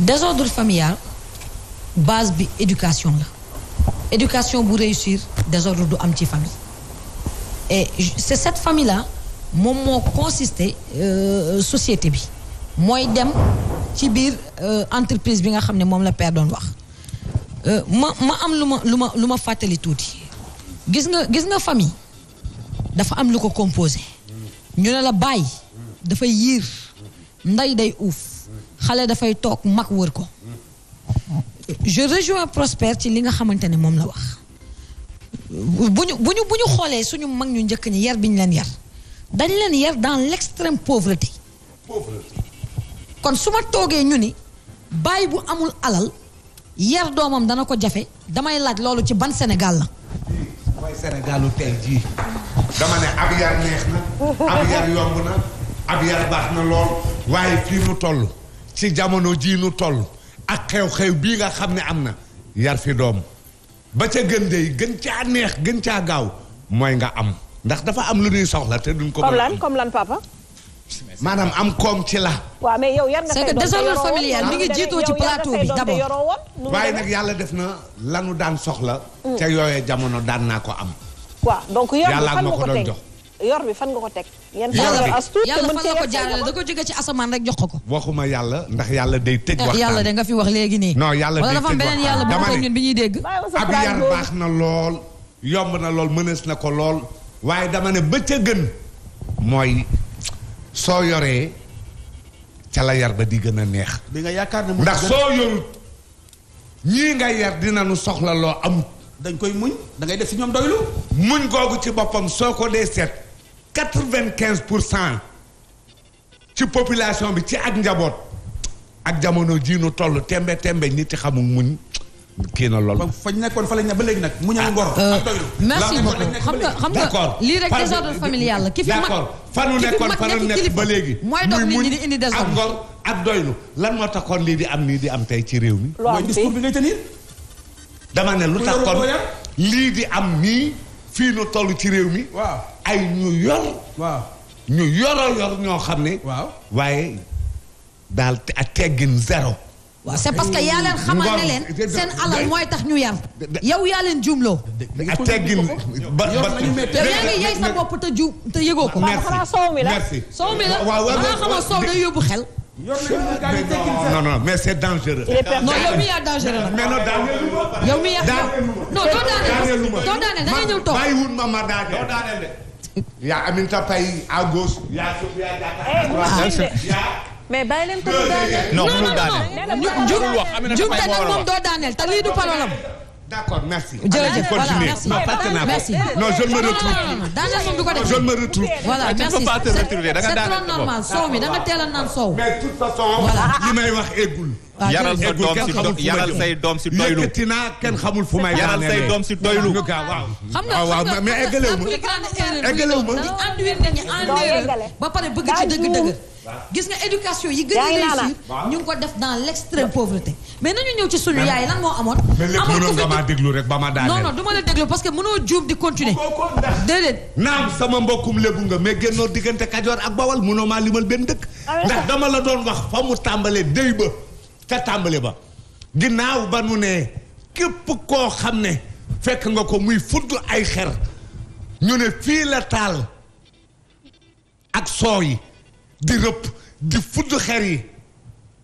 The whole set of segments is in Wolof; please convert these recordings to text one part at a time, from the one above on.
désordre familial base bi éducation la éducation bu réussir désordre du am ci famille e c'est cette famille là moom moo consister euh, société bi mooy dem ci biir euh, entreprise bi nga xam ne moom la père doon wax euh, ma ma am lu ma lu ma lu fàttali tuuti gis nga gis nga famille dafa am lu ko composé ñu ne la bàyyi dafay yiir nday day uuf xale dafay toog mag wër ko je rejoins Prosper ci li nga xamante ni moom la wax bu ñu bu ñu xoolee suñu mag ñu njëkk ñi yar bi ñu leen yar dañ leen yar dans l'extrême pauvreté kon su ma toogee ñu ni bàyyi bu amul alal yar doomam dana ko jafe damay laaj loolu ci ban Sénégal la mooy Sénégalu tey dama ne ab yar neex na ab yar yomb na ab yar baax na lool waaye fii mu toll ci jamono jii nu toll ak xew-xew bii nga xam ne am na yar fi doom ba ca gën dey gën caa neex gën caa gaaw mooy nga am ndax dafa am lu ñuy soxla te duñ ko. comme comme lan papa. maanaam am koom ci la. waaw mais yow yar nga say doom jiitoo ci plateau bi d'abord. waaye nag yàlla def na lanu daan soxla. Mm. ca yooyee jamono daan naa ko am. waaw donc yow yàlla ma ko doon jox. yor bi fan nga ko teg. ngeen fan yor yàlla fan la ko jaarale da ko jóge ci asamaan rek jox ko ko. waxuma yàlla ndax yàlla day tëj. Eh, waxtaan yàlla da nga fi wax léegi nii. non yàlla day tëj waxtaan wala dafa am beneen bi ñuy dégg. ab yar baax na lool yomb na lool mënees na ko lool. waaye dama ne ba gën mooy soo yoree ca la yar ba di gën a neex. bi yaakaar ne ndax soo yorut ñii nga yar dina nu soxla loo am dañ koy muñ dangay def si ñoom doylu muñ googu ci boppam soo ko dee seet quatre-vingt-quinze pour cent ci population bi ci ak njaboot ak jamono jii nu toll tembe tembe ñi ci xamul muñ kii na lool. fa ñu nekkoon fa la ba léegi nag. mu ñëw ngor euh, ak doylu. merci beaucoup xam nga xam lii rek désordre familial la ki fi mag fa nekkoon fa nekk ba léegi. mooy dox nit indi désordre ak ngor ak doylu lan moo taxoon lii di am nii di am tey ci réew mi. mooy discours bi ngay tenir. lu taxoon lii di am nii fii nu ci réew mi. ay ñu yor. waaw ñu yoroo yor ñoo xam ne. waaw waaye daal a teggin zéro. waaw c'est parce que yaa leen xamal ne leen seen alal mooy tax ñu yar. yow yaa leen juumloo. a teggin ba ba yaa ngi yey sa bopp te ju te yëgoo ko. merci xanaa soow mi la soow mi la xanaa xamoo soow day yóbbu xel. non non mais c'est dangereux. non yow mi yaa dangereux la. mais non dangereux. yow mi yaa non doo daaneel. doo daaneel da ngay ñëw toog. bàyyiwul ma ma daaneel. y' a Aminata Paye à gauche. y' a Sofia Diatta à droite. mais bàyyi leen ko mu daaneel. non non non jum jum te nag moom doo daaneel te lii du parolam. D'accord, merci. Allez-y, continuez. Non, pas merci. Non, je ne me retrouve plus. Je ne me retrouve plus. Voilà, merci. Tu ne peux pas te retrouver. C'est trop normal. Soow mi da nga teel a naan soow. Mais de toute façon, li may wax eggul. yaral sa doom si do yaral say doom si doylu yëkkati naa kenn xamul fu may. yaral say doom si doylu. waaw waaw mais eggalewu ma. eggalewu ma. ñu anduwee nañu anduwee ba pare bëgg ci dëgg-dëgg. gis nga éducation yi gën a réussir. ñu ngi ko def dans l'extrême pauvreté. mais nañu ñëw ci suñu yaay lan moo amoon. amul ku fi déglu rek ba ma daaneel. non non du la déglu parce que mënoo juum di continuer. déedéet. naam sama mbokkum lébu nga mais génnoo diggante Kajoor ak Bawal mënoo maa limal benn dëkk. Ah ndax dama la doon wax fa mu tàmbalee déy ba ca tàmbale ba. ginnaaw ba nu ne képp koo xam ne fekk nga ko muy fudd ay xer ñu ne fii la taal ak sooy di rëpp di fudd xer yi.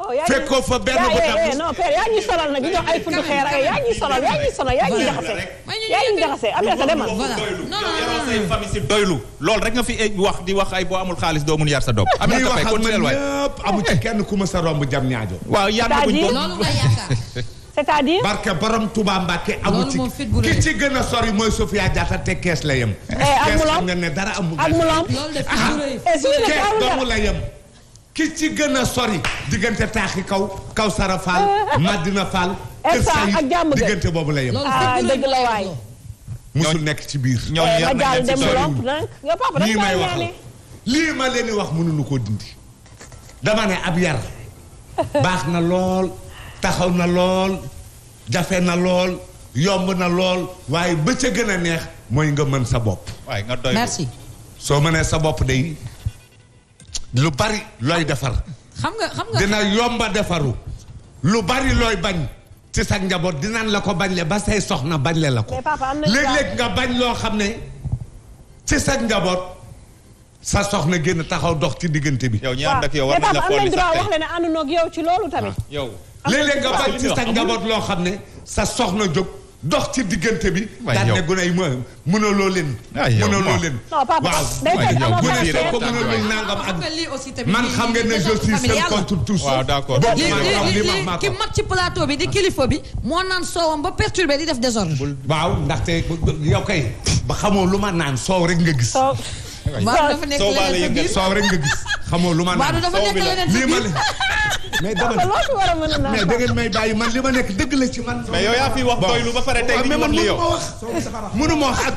Oh, fekkoo fa benn bu tàmm. Eh, eh, non père yaa ñuy solal nag di jox ay fudd xeer eh, yaa ñuy solal yaa ñuy solal yaa ñuy jaxase. yaa ñuy jaxase Aminata demal. voilà non non non say famille si doylu loolu rek nga fi wax di wax ay boo amul xaalis doo mun yar sa doom. Aminata Faye continué waay ñëpp amu ci kenn ku ma sa romb jam ñaajo. waaw yàlla na buñ ko loolu nga yaakaar. c'est-à-dire. barke borom Touba Mbacke amu ci ki ci gën a sori mooy Sofia Diatta te kees la yem. ak mu lom kees xam nga ne dara amul. ak mu lom loolu def ci ki ci gën a sori diggante taaxi kaw kaw sara faal madina faal kër diggante boobu la yem ah, dëgg la nekk ci biir ñoom yar nañ may wax lii leen di wax mënuñu koo dindi dama ne ab yar baax na lool taxaw na lool jafe na lool yomb na lool waaye ba ca gën a neex mooy nga mën sa bopp waaye nga doy soo mënee sa bopp day lu bari looy defar. xam nga xam dina yomba defaru. lu bari looy bañ. ci sa njaboot dinañ la ko bañle ba say soxna bañle la ko. léeg-léeg nga bañ loo xam ne si sa njaboot sa soxna génn taxaw dox ci diggante bi. yow ñi ànd ak yow ci loolu tamit. Ah, yow léeg-léeg nga bañ ci sa njaboot loo xam ne sa soxna jóg. dox ci diggante bi. daan ne gune yi ma mënaloo leen. Ah, mënaloo leen. non papa day fekk amoo parcelle man xam ngeen ne je suis seul contre tous. waaw d'accord ki mag ci plateau bi di kilifa bi. moo naan soowam ba perturbé di def désordre. waaw ndaxte yow kay ba xamoo lu ma naan soow rek nga gis. soow dafa nekk leneen sa biir soow rek nga gis. xamoo lu ma naan soow bi la lii mais ah, dama loo fi war a mën a naan mais da ngeen may bàyyi man li ma nekk dëgg la ci man. mais yow yaa fi wax doylu ba pare tey li ñu wax li yow. mënu ma wax ak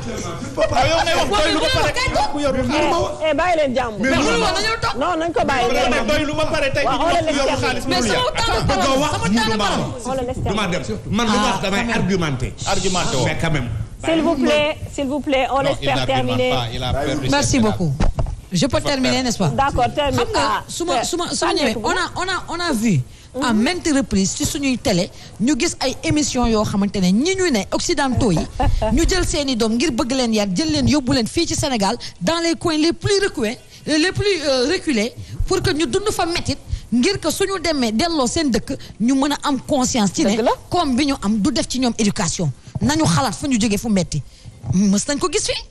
yow ngay wax doylu ba pare mënu ma wax. Eh, bàyyi leen jàmm. mais mënu ma wax non nañ ko bàyyi. mais nag doylu ba pare tey li ñu wax yow xaalis mënu yaa bëgg wax mënu ma wax duma dem man lu ma wax ah, damay argumenté. argumenté woo mais quand même. s'il vous plaît s'il vous plaît on espère terminer. merci beaucoup. je peux terminer n'est-ce pas. d'accord termine xam nga su ma su ma su ma ñëwee on a on a on a vu. à maintes reprises ci suñuy télé ñu gis ay émissions yoo xamante ne ñi ñu ne occidentaux yi ñu jël seeni doom ngir bëgg leen yar jël leen yóbbu leen fii ci Sénégal dans les coins les plus reculés euh, les plus euh, reculés pour que ñu dund fa métit ngir que suñu demee delloo seen dëkk ñu mën a am conscience ci ne comme bi ñu am du def ci ñoom éducation nañu xalaat fu ñu jógee fu metti mës nañ ko gis fii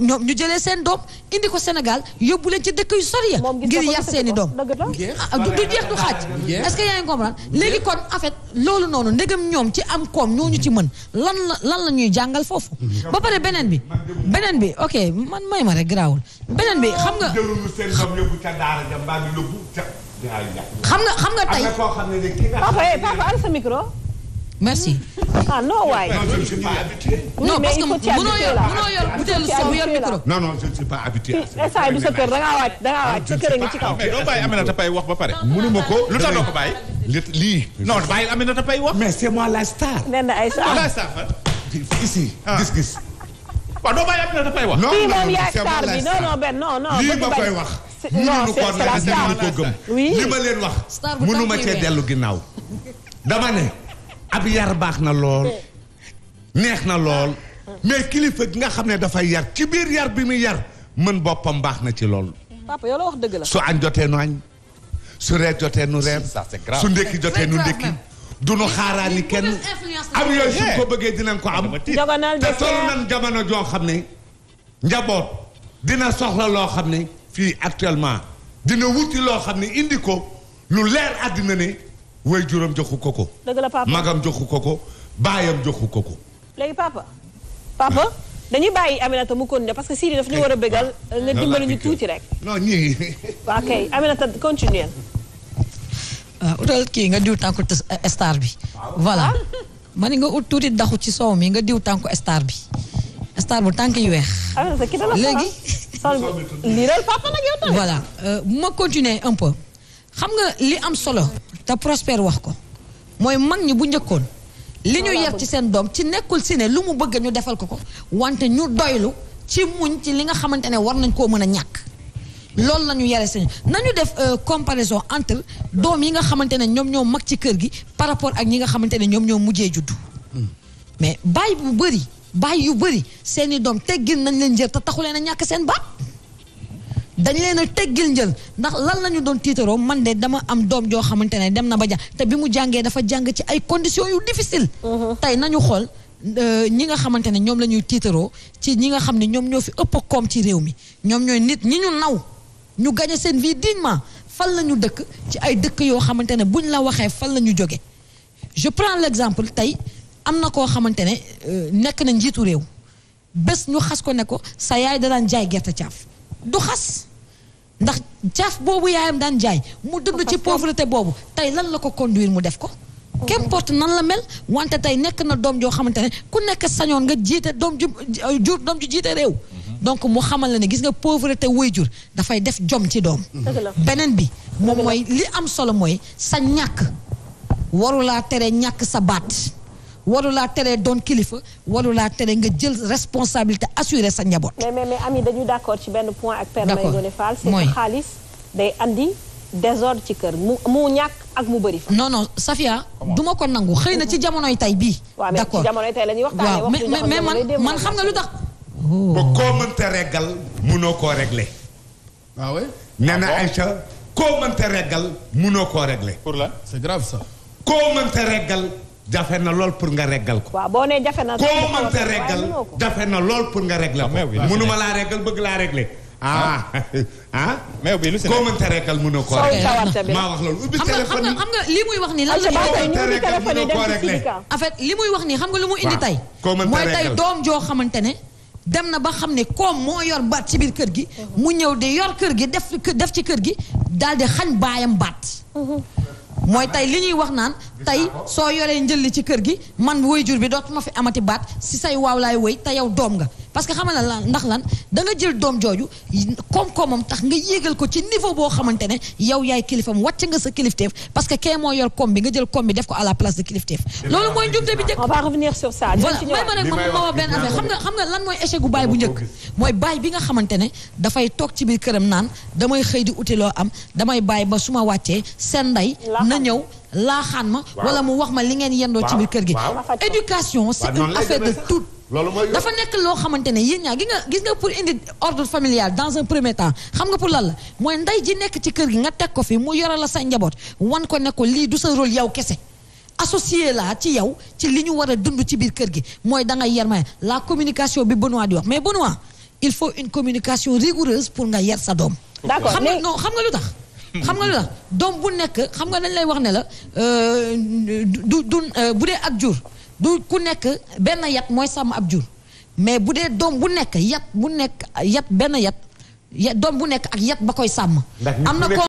ñoom ñu jëlee seen doom indi ko Sénégal yóbbu leen ci dëkk yu sori ya ngir yar seen i doom ah, du jeex du xaaj est-ce que yaa ngi comprendre léegi kon en fait loolu noonu ndegam ñoom ci am koom ñu ci mën lan la lan la ñuy jàngal foofu mm-hmm. ba pare beneen bi beneen bi ok man may ma rek garaawul beneen bi xam nga ah, xam nga xam nga tey papa eh, micro merci. ah non waay. non je ne suis pas habitué. Oui, non parce que mënoo yor mënoo yor butéelu soow yor micro. non non je ne suis pas habitué. instant du sa kër da ngaa waaj da ngaa waaj sa kër a ngi ci kaw. mais doo bàyyi Aminata Paye wax ba pare. Ah. mënu ma ko lu tax doo ko bàyyi. li lii non bàyyi Aminata Paye wax. mais c'est moi la star. nee na ay star la star fan. ici gis-gis. Ah. waaw doo bàyyi Aminata Paye wax. non non c'est moi la star non non ben non non. lii ma koy wax. non c'est la star mënuñu ko gëm. oui li ma leen wax. star bu tànn mënu ma cee dellu ginnaaw dama ne ab yar baax na lool neex na lool mais kilifa gi nga xam ne dafay yar ci biir yar bi muy yar mën boppam baax na ci lool. papa yow dëgg la. su añ jotee nu añ su reer jotee nu reer su ndekki jotee nu ndekki du nu xaaraan ni kenn am yooyu suñ ko bëggee dinañ ko am. te toll nan jamono joo xam ne njaboot dina soxla loo xam ne fii actuellement dina wuti loo xam ne indi ko lu leer àddina ne. way juram joxu ko ko. dëgg la papa magam joxu ko ko baayam joxu ko ko. léegi papa papa. dañuy bàyyi Aminata mu continuer parce que Sidi daf ñu war a bégal eh, euh, nga dimbali ñu tuuti rek. non ñii. waaw continuer. waaw euh, utal kii nga diw tànku euh, star bi. voilà ah. man nga ut tuuti daxu ci soow mi nga diw tànku star bi. star bu tànk yu weex. Aminata ki la léegi. liiral papa nag yow tamit. voilà ma continuer un xam nga li am solo. te Prospère wax ko mooy mag ñi bu njëkkoon li ñu yar ci seen doom ci nekkul si ne lu mu bëgg ñu defal ko ko wante ñu doylu ci muñ ci li nga xamante ne war nañ koo mën a ñàkk loolu la yare seen nañu def euh, comparaison entre doom yi nga xamante ne ñoom ñoo mag ci kër gi par rapport ak ñi nga xamante ne ñoom ñoo mujjee juddu hmm. mais baay bu bëri baay yu bëri seeni doom teggin nañ leen jër te taxuleen a ñàkk seen baat dañ leen a teggil njël ndax lan la ñu doon tiitaroo man de dama am doom joo xamante ne dem na ba ja te bi mu jàngee dafa jàng ci ay conditions yu difficile. Mhm. tey nañu xool euh, ñi nga xamante ne ñoom la ñuy tiitaroo ci ñi nga xam ne ñoom ñoo fi ëpp koom ci réew mi ñoom ñooy nit ñi ñu naw ñu gañe seen vie dignement fan la ñu dëkk ci ay dëkk yoo xamante ne buñ la waxee fan la ñu jóge je prends l'exemple tey am na koo xamante ne euh, nekk na njiitu réew bés ñu xas ko ne ko sa yaay da daan jaay gerte caaf du xas. ndax jaaf boobu yaayam daan jaay mu dund ci pauvreté boobu tey lan la ko conduire mu def ko qu'importe nan la mel wante tey nekk na doom joo xamante ne ku nekk sañoon nga jiite doom ju jur doom jiite réew mhm. donc mu xamal la ne gis nga pauvreté jur dafay def jom ci doom beneen bi moom mooy li am solo mooy sa ñàkk warulaa tere ñàkk sa baat waru laa tere doon kilifa waru laa tere nga jël responsabilité assurer sa njaboot. mais mais mais Ami ci benn point ak. père Maïgone Fall c'est que xaalis day andi désordre ci kër mu mu ñàkk ak mu bëri fa. non non Safia du ma ko nangu xëy na ci jamonoy tey bii. d'accord waaw mais ci jamonoy tey la ñuy waxtaanee. waaw mais mais man man xam nga lu tax. Oh. ba koo mënta régal mënoo koo réglé. waaw ah nee na ah Aïcha koo mënta pour la c'est grave jafe na lool pour nga reggal ko. waaw boo nee jafe na koo reggal jafe na lool pour nga reggal ko. mënuma laa reggal bëgg laa réglé. ah ah. ah? meew bi lu si nekk koo mënta reggal mënoo koo réglé. maa wax loolu ubbi téléphone xam nga li wax ni lan la koo mënta reggal mënoo li muy wax nii xam nga lu mu indi tey. mooy tey doom joo xamante ne. dem na ba xam ne koom moo yor baat ci biir kër gi. mu ñëw di yor kër gi def def ci kër gi daal di xañ baayam baat. Mhm. mooy tey li ñuy wax naan tey soo yoree njëlli ci kër gi man jur bi dootuma fi amati baat si say waaw laay wéy te yow doom nga parce que xamal na lan ndax lan da nga jël doom jooju koom-koomam tax nga yéegal ko ci niveau boo xamante ne yow yaay kilifam wàcc nga sa kilifteef parce que kee moo yor koom bi nga jël koom bi def ko à la place de kilifteef loolu mooy njumte bi njëkk lan mooy échec gu baay mooy baay bi nga xamante ne dafay toog ci biir këram naan damay xëy di uti loo am damay bàyyi ba su ma wàccee seen ndey na ñëw laaxaan ma wala mu wax ma li ngeen yendoo ci biir kër gi éducation c'est une affaire de tout loolu mooy dafa nekk loo xamante ne yéen ñaa gis nga gis nga pour indi ordre familial dans un premier temps xam nga pour lan la mooy ndey ji nekk ci kër gi nga teg ko fi mu yore la sa njaboot wan ko ne lii du sa rôle yow kese associé la ci yow ci li ñu war a dund ci biir kër gi mooy da ngay yar ma la communication bi Benoît di wax mais Benoît il faut une communication rigoureuse pour nga yar sa doom. d'accord xam nga non xam nga lu tax. xam nga lu tax doom bu nekk xam nga dañ lay wax ne la euh, du du euh, bu dee ak jur. du ku nekk benn yat mooy sàmm ab jur mais bu dee doom bu nekk yat bu nekk yat benn yat doom bu nekk ak yat ba koy sàmm am na ko